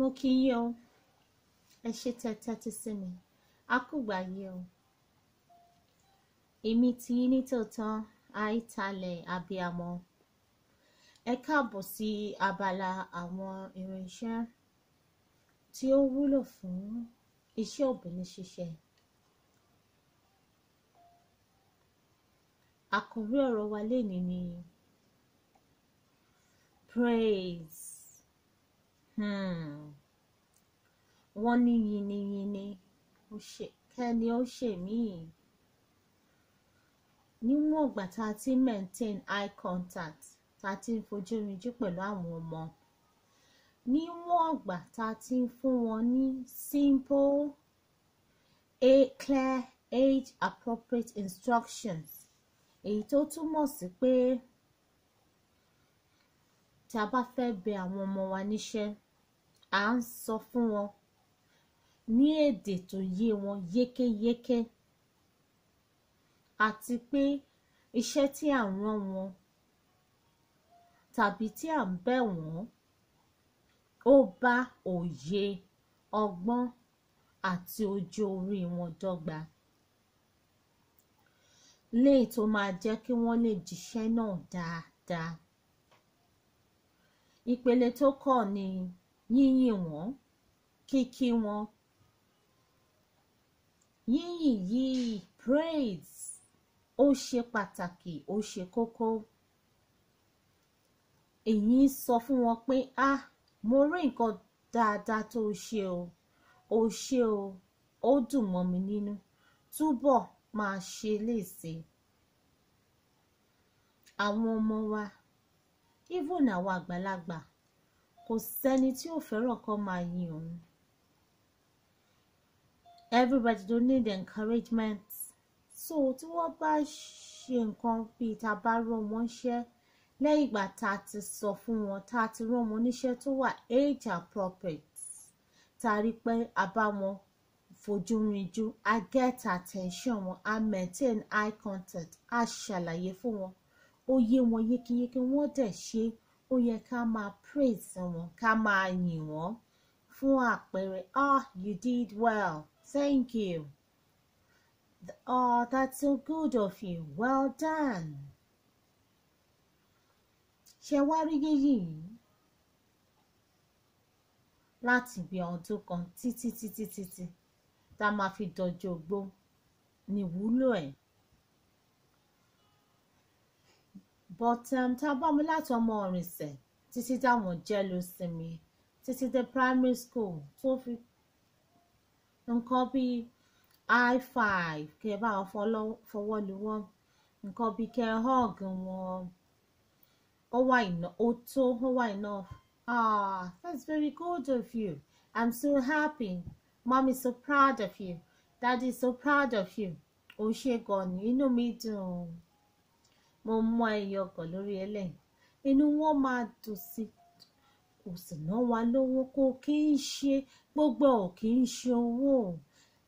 mo kí yín o ẹ ṣe tẹ́tẹ́tí sí mi a kù gbà yí o èmi ti yín nítòótọ́ àìtalẹ̀ abiyamọ ẹ káàbọ̀ sí abala àwọn irinṣẹ́ tí ó wúlò fún iṣẹ́ obìnrin ṣíṣe àkòrí ọ̀rọ̀ wa lénìí ni praise Hmm. wọ́n ní yiniyini kẹ́ni ó ṣe míì níwọ̀n ìgbà tá a ti maintain eye contact tá a ti ń fojú rinjú pẹ̀lú àwọn ọmọ níwọ̀n ìgbà tá a ti ń fún wọn ní simple a clear age appropriate instructions èyí tó túmọ̀ sí pé tá a bá fẹ́ bẹ àwọn ọmọ wa níṣẹ́ à ń sọ fún wọn ní èdè tó yé wọn yékéyéké àti pé iṣẹ́ tí à ń rán wọn tàbí tí à ń bẹ̀ wọ́n ó bá òye ọgbọ́n àti ọjọ́ orí wọn dọ́gba léè tó máa jẹ́ kí wọ́n lè jíṣẹ́ náà dáadáa ìpele tó kàn ni. Da, da yíyìn wọn kíkí wọn yíyìn yìí praise ó ṣe pàtàkì ó ṣe kókó èyí ń sọ fún wọn pé ah mo rí nǹkan dáadáa tó ṣe o ó ṣe o ó dùn mọ́ mi nínú túbọ̀ máa ṣe léèṣe àwọn ọmọ wa even àwọn àgbàlagbà kò sẹ́ni tí ò fẹ́ràn kó máa yin òun everybody don't need encouragement so tí wọ́n bá ṣe nǹkan bíi tá a bá rán wọn ṣẹ́ lẹ́yìn ìgbà tá a ti sọ fún wọn tá a ti rán wọn níṣẹ́ tó wà age appropriate tá a rí pé a bá wọn fojú rinjú a get attention wọn a maintain eye contact a ṣàlàyé fún wọn ó yé wọn yékéyéké wọ́n dẹ̀ ṣe é ó yẹ ká máa praise wọn ká máa yìn wọ́n fún àpẹẹrẹ ah you did well thank you oh that's so good of you well done ṣe wá rí yíyí yìí láti bí ọdún kan títí títí títí tá a máa fi dọjọ́ ogbó níwúlò ẹ̀ but um, tá a bá mú láti ọmọ Òrìṣẹ̀ títí táwọn jẹ́ ló sinmi títí dé primary school tó fi nǹkan bíi I five kẹ bá wọn fọwọ́ lu wọn nǹkan bíi kẹ hug wọn ó wà iná ó tó ó wà iná ah that's very good of you i'm so happy mom is so proud of you daddy is so proud of you ó ṣe gan ni inú mi dùn wọ́n mú ayé ọkọ̀ lórí ẹlẹ́yìn inú wọn máa dùn sí kò sì ná wa lówó kó kí n ṣe gbogbo ò kí n ṣe owó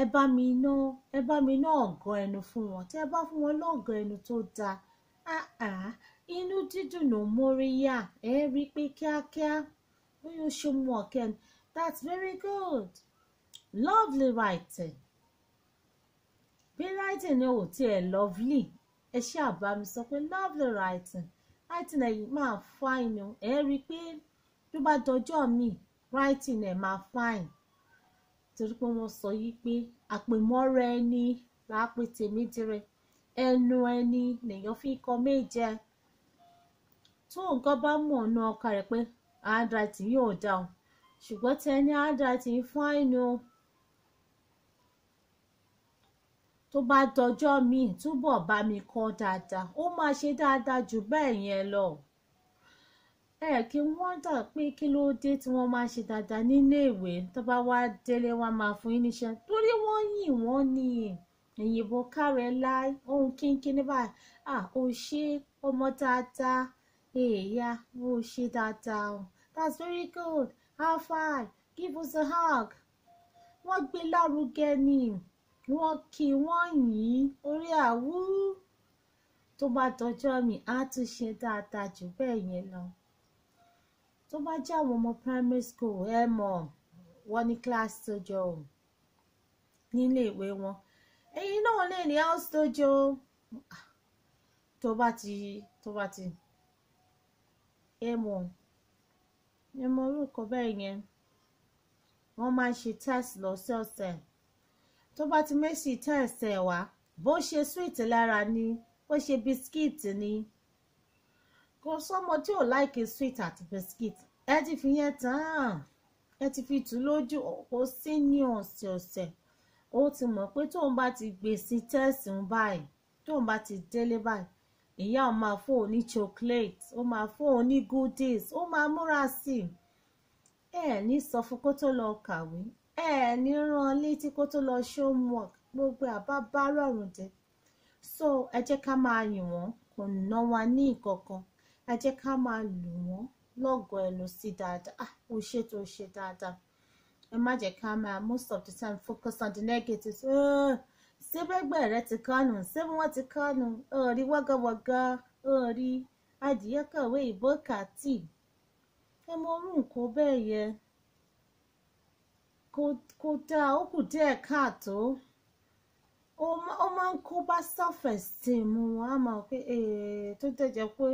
ẹ bá mi ná ẹ bá mi ná ọ̀gọ́ ẹnu fún wọn tí ẹ bá fún wọn lọ́gọ́ ẹnu tó dáa inú dídùn ló mórí yá ẹ rí i pé kíákíá bóyá ó ṣe mú ọ̀kẹ́ ẹnu that's very good lovely writing bí writing ni ò tiẹ̀ lovely ẹ ṣe àbá mi sọ pé lovely writing writing ẹ̀ yìí máa fine o ẹ̀ rí i pé tó bá dọjọ́ mi writing ẹ̀ máa fine torí pé wọ́n sọ yìí pé àpèmọ́ra ẹni là á pè tèmi dire ẹnu ẹni lèèyàn fi kọ méje tó nǹkan bá mọ̀ ọ̀nà ọkà rẹ̀ pé handwriting yóò dá o ṣùgbọ́n tẹ ní handwriting fine o. No tó bá dọjọ́ míì túbọ̀ bá mi kọ dáadáa ó máa ṣe dáadáa jù bẹ́ẹ̀ yẹn lọ ẹ kí wọ́n dà pé kí ló dé tí wọ́n máa ṣe dáadáa nílé ìwé tó bá wá délé wá máa fún yín níṣẹ́ torí wọ́n yìn wọ́n ní ìyìnbó kárẹ̀ láì ohun kínkín ní báyìí à ó ṣe ọmọ dáadáa èèyà ó ṣe dáadáa o that's very good How far? give us a hug wọ́n gbé lárugẹ ni wọ́n kí wọ́n yìn orí àwú tó bá tọjọ́ mi á tún ṣe dáadáa jù bẹ́ẹ̀ yẹn lọ tó bá jẹ́ àwọn ọmọ primary school ẹ mọ̀ wọ́n ní class dojo o nílé ìwé wọn ẹ̀yin náà lè ní house dojo tó bá ti tó bá ti ẹ mọ̀ ẹ mọ̀ orúkọ bẹ́ẹ̀ yẹn wọ́n máa ń ṣe test lọ́sọ̀ọ̀sẹ̀ tó bá ti méṣì tán ẹ̀sẹ̀ wá bó ṣe sweet lára ni bó ṣe biscuit ni kò sọ́mọ tí ò láìkè sweet àti biscuit ẹ ti fi yẹn tán ẹ ti fi tù lójú kò sí ní ọ̀sẹ̀ ọ̀sẹ̀ ó ti mọ̀ pé tóun bá ti gbèsè tẹ́sì ń báyìí tóun bá ti délé báyìí ìyá ò máa fún òun ní chocolate ó máa fún òun ní goodies ó máa múra sí i ẹ ní sọ fún kó tó lọ kàwé ẹ ní rán létí kó tó lọ ṣe homework gbogbo àbá bá rọrùn dé so ẹ jẹ́ ká máa yìn wọ́n kò ná wa ní ìkọ̀kan ẹ jẹ́ ká máa lù wọ́n lọ́gọ̀ọ́ ẹ̀ lọ sí dáadáa ó ah, ṣe tó ṣe dáadáa ẹ má jẹ́ ká máa most of the time focus on the negatives síbẹ̀gbẹ̀ rẹ ti kánú síbi wọ́n ti kánú orí wọ́gọ́wọ́gọ́ orí adìyẹ kọ̀wé ìbò kàtì ẹ mọ orú nǹkan bẹ́ẹ̀ yẹn kò dáa ó kù díẹ̀ káàtó ó máa ń kó bá self esteem wọn á máa pé tó tẹ̀jẹ̀ pé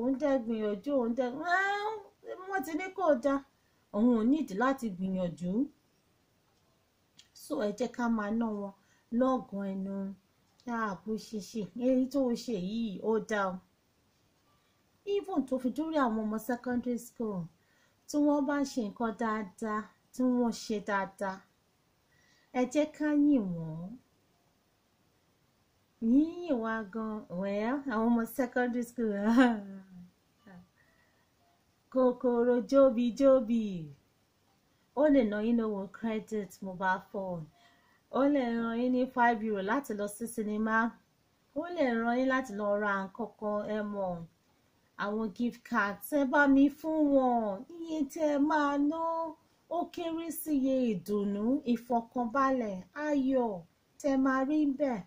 òun dẹ̀ gbìyànjú òun dẹ̀ wọ́n ti ní kò dáa òun ò nídìí láti gbìyànjú so ẹ jẹ́ ká máa ná wọn lọ́gàn ẹnu ààbò ṣíṣe èyí tó o ṣe yìí ó dáa o even tó fi dórí àwọn ọmọ secondary school tí wọ́n bá ṣe nǹkan dáadáa tí wọ́n ṣe dáadáa ẹ jẹ́ ká yìn wọ́n yíyìn wa gan well àwọn ọmọ secondary school kòkòrò jóbijóbi ó lè ná yín lówó credit mobile phone ó lè ràn yín ní five euro láti lọ sí sinimá ó lè ràn yín láti lọ ra nǹkan kan ẹ mọ̀ àwọn gift card tẹ́ bá mi fún wọn iye tẹ́ máa ná. No ó kéré sí iye ìdùnnú ìfọ̀kànbalẹ̀ ayọ̀ tẹ máa rí bẹ́ẹ̀.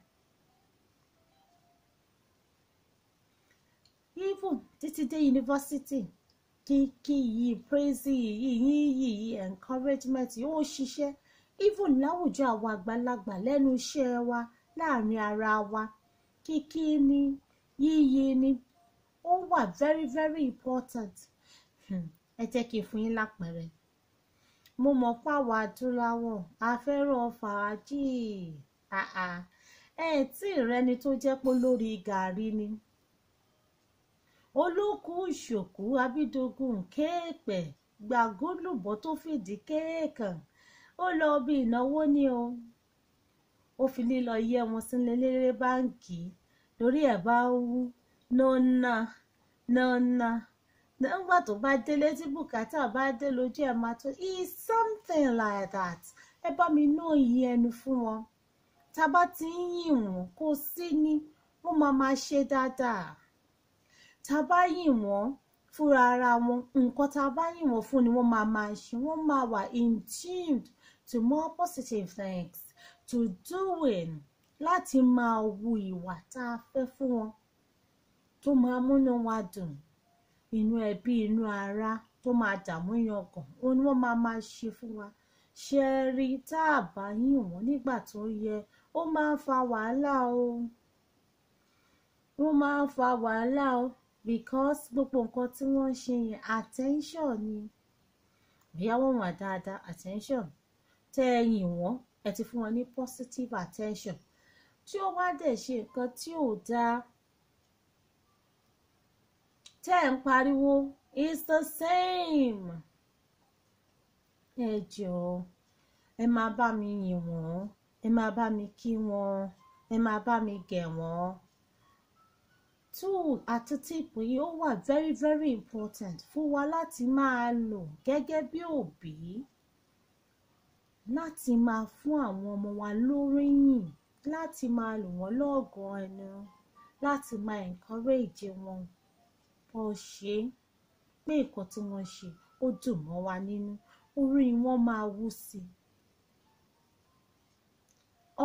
even títí dé yunifásitì kíkí yìí praise yìí yìnyín yìí encouragement yìí ó ṣiṣẹ́ even láwùjọ àwọn àgbàlagbà lẹ́nu iṣẹ́ wa láàrin ara wa kíkí ni yíyí ni ó wà very very important hmm, ẹ jẹ́ kí n fún yín lápẹẹrẹ mo mọ̀ páwa adúláwọ̀ a fẹ́ràn fàájì ẹ tí ìrẹni tó jẹ́ pé lórí gàárì ni olókùú ìṣòkú abídógún kéèpẹ̀ gbàgólùbọ́ tó fìdí kéèkàn ó lọ bí ìnáwó ni o ó fi lílọ yẹ wọn sílé lérè báǹkì lórí ẹ̀ bá wú nọ́nà nọ́nà. No, no nígbà tó bá délé tí bùkátà bá dé lójú ẹ máa tó is something like that ẹ bá mi ná ìyìn ẹnu fún wọn tá a bá ti ń yìn wọn kó sí ní wọn máa máa ṣe dáadáa tá a bá yìn wọn fúnra ara wọn nǹkan tá a bá yìn fún ni wọn máa máa ṣe wọn máa wà in tuned to more positive things to doing láti máa wu ìwà tá a fẹ́ fún wọn tó máa múnú wa dùn inú ẹbí inú ará tó máa dààmú yan kàn ó ní wọ́n máa máa ṣe fún wa ṣe rí tá a bá yìn wọ́n nígbà tó yẹ ó máa ń fa wàhálà o ó máa ń fa wàhálà o because gbogbo nǹkan tí wọ́n ń ṣe yẹn attention ni bóyá wọ́n wà dáadáa attention tẹ́ ẹ yìn wọ́n ẹ ti fún wọn ní positive attention tí ó wá dẹ̀ ṣe nǹkan tí ò dáa tẹ́ ẹ̀ ń pariwo it's the same ẹ jọ̀ọ́ ẹ máa bá mi yìn wọ́n ẹ máa bá mi kí wọ́n ẹ máa bá mi gẹ̀ wọ́n tool àti tíìpù yìí ó wà very very important fún wa láti máa lò gẹ́gẹ́ bí òbí láti máa fún àwọn ọmọ wa lóríyìn láti máa lò wọ́n lọ́gọ̀ọ́ ẹnu láti máa encourage wọn wọ́n ṣe é pé nǹkan tí wọ́n ṣe ó dùn mọ́ wa nínú orí wọn máa wú sí i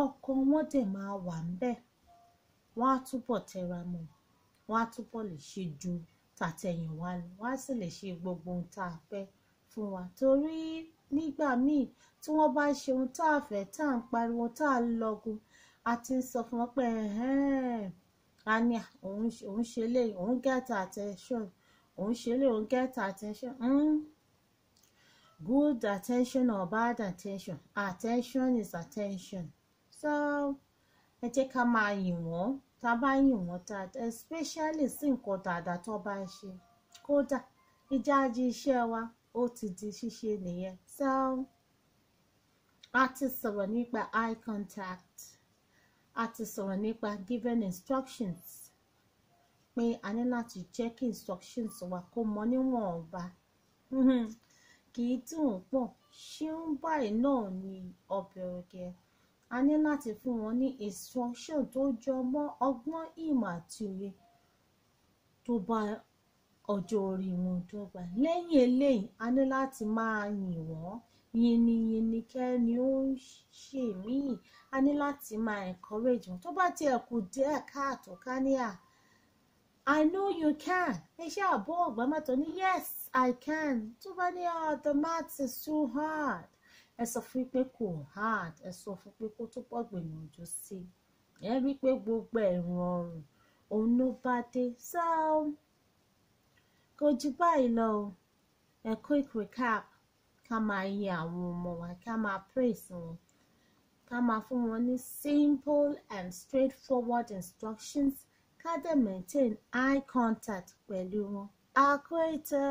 ọkàn wọn dẹ̀ máa wà ńbẹ̀ wọ́n á túbọ̀ tẹra mọ́ wọ́n á túbọ̀ lè ṣe ju tàtẹ̀yìnwá lọ wọ́n á sì lè ṣe gbogbo ohun tá a fẹ́ fún wa torí nígbà míì tí wọ́n bá ṣe ohun tá a fẹ́ tá à ń pariwo tá a lọ́gun a ti ń sọ fún wọn pé ẹ̀hẹ́n kania òun òun ṣe lè òun get attention òun ṣe lè òun get attention mm. good attention or bad attention attention is attention so ẹ jẹ́ ká máa yìn wọ́n tá a bá yìn wọ́n dáadáa especially sí nǹkan dáadáa tó bá ń ṣe kódà ìjájí iṣẹ́ wa ó ti di ṣíṣe nìyẹn so a ti sọ̀rọ̀ nípa eye contact a ti sọ̀rọ̀ nípa given instructions pé a ní láti jẹ́ kí instructions wa kó mọ níwọ̀nba mm-hmm. kì í dùn pọ̀ ṣéun báyìí náà ni ọbẹ̀ ọ̀gẹ̀ a ní láti fún wọn ní instruction tó jọ mọ́ ọgbọ́n ìmọ̀ àti òye tó bá ọjọ́ orí wọn dọ́gba lẹ́yìn eléyìí a ní láti máa yìn wọ́n yìnyín yìnyín kẹ́ni ó ń ṣe míì a ní láti máa encourage wọn tó bá tiẹ̀ kù díẹ̀ káàtó ká ní à I know you can iṣẹ́ àbọ̀ ọ̀gbọ́n mẹ́tọ́ ní yes I can tó bá ní ah the math is too hard ẹ sọ fún pé kò hard ẹ sọ fún pé kó tó pọ̀ gbìyànjú sí i ẹ rí i pé gbogbo ẹ̀rùn ọrùn òun ló bá dé so kò jù báyìí lọ o ẹ quick recap ká máa yin àwọn ọmọ wa ká máa praise wọn ká máa fún wọn ní simple and straightforward instructions ká dẹ̀ maintain eye contact pẹ̀lú wọn. àkó ètò.